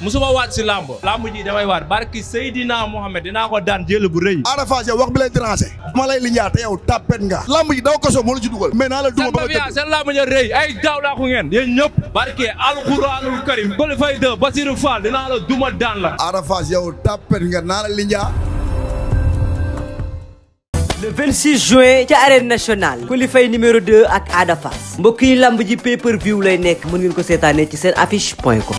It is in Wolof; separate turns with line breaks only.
musuma waat si làmb làmb ji damay waat barki Seydina Mohamed
dinaa ko daan jël bu rëy Ada Fass wax bi lay déranger ma lay li te yow tapet nga làmb ji daw koso moo la ci dugal mais naa la duma ba nga seen làmb ja rëy ay daaw laa ko ngeen yéen ñëpp barki alxuraanul karim Coly Faye 2 Basirou Fall dinaa la duma daan la Ada Fass yow tapet nga naa la li le juin ca arène nationale
Coly
Faye numéro 2 ak Ada Fass mbokk yi ji pay lay nekk mën ngeen ko seetaanee ci seen affiche point com